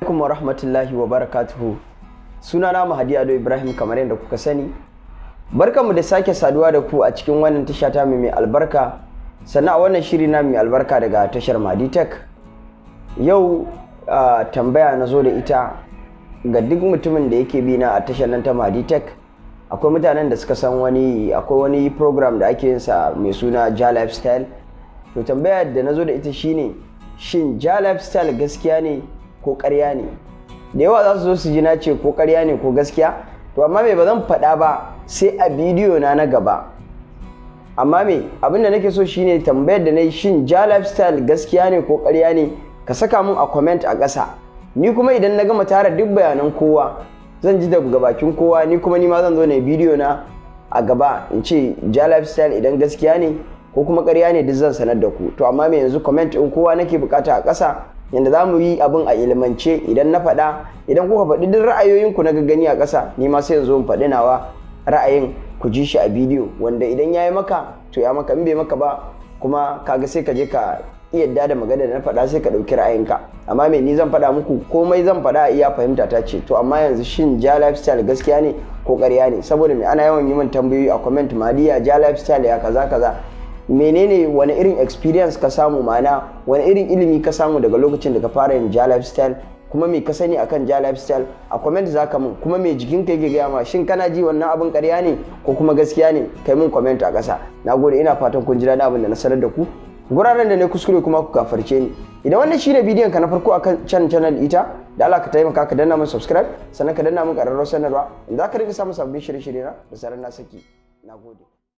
alaikum wa rahmatullahi wa barakatuhu suna na Mahadi Ado Ibrahim kamar yadda kuka sani barkanmu da sake saduwa da ku a cikin wannan tasha ta mai albarka sannan a wannan shiri na mai albarka daga tashar Mahadi yau uh, tambaya na zo da ita ga duk mutumin da yake bi na a tashar nan ta Mahadi Tech akwai mutanen da suka san wani akwai wani program da ake yin sa mai suna Ja Lifestyle to tambaya da na zo da ita shine shin Ja Lifestyle gaskiya ne ko karya ne da yawa za su zo su ji na ce ko karya ne ko gaskiya to amma me ba zan faɗa ba sai a bidiyo na na gaba amma me abin da nake so shine tambayar da na yi shin ja lifestyle gaskiya ne ko karya ne ka saka mun a comment a ƙasa ni kuma idan na gama tara duk bayanan kowa zan ji daga bakin kowa ni kuma ni ma zan zo na bidiyo na a gaba in ce ja lifestyle idan gaskiya ne ko kuma karya ne duk zan sanar da ku to amma me yanzu comment in kowa nake bukata a ƙasa yanda za mu yi abin a ilmance idan na faɗa idan kuka faɗi duk ra'ayoyinku na gani a ƙasa ni ma sai yanzu in faɗi nawa ra'ayin ku ji shi a bidiyo wanda idan ya yi maka to ya maka in bai maka ba kuma kaga sai ka je ka yadda da magana da na faɗa sai ka ɗauki ra'ayinka amma me ni zan faɗa muku komai zan faɗa a iya fahimta ta ce to amma yanzu shin ja lifestyle gaskiya ne ko ƙarya ne saboda me ana yawan yi min tambayoyi a comment madiya ja lifestyle ya kaza kaza menene wani irin experience ka samu mana wani irin ilimi ka samu daga lokacin da ka fara yin ja lifestyle kuma me ka sani akan ja lifestyle a comment za ka mun kuma me jikin ka yake gaya ma shin kana ji wannan abin karya ne ko kuma gaskiya ne kai mun comment a ƙasa nagode ina fatan kun ji daɗin abin da na sanar da ku guraren da ne kuskure kuma ku kafarce ni idan wannan shine bidiyon ka na farko akan can channel ita da Allah ka taimaka ka danna min subscribe sannan ka danna min ƙararrawar sanarwa za ka rika samun sabbin shirye-shirye na da sarar na saki nagode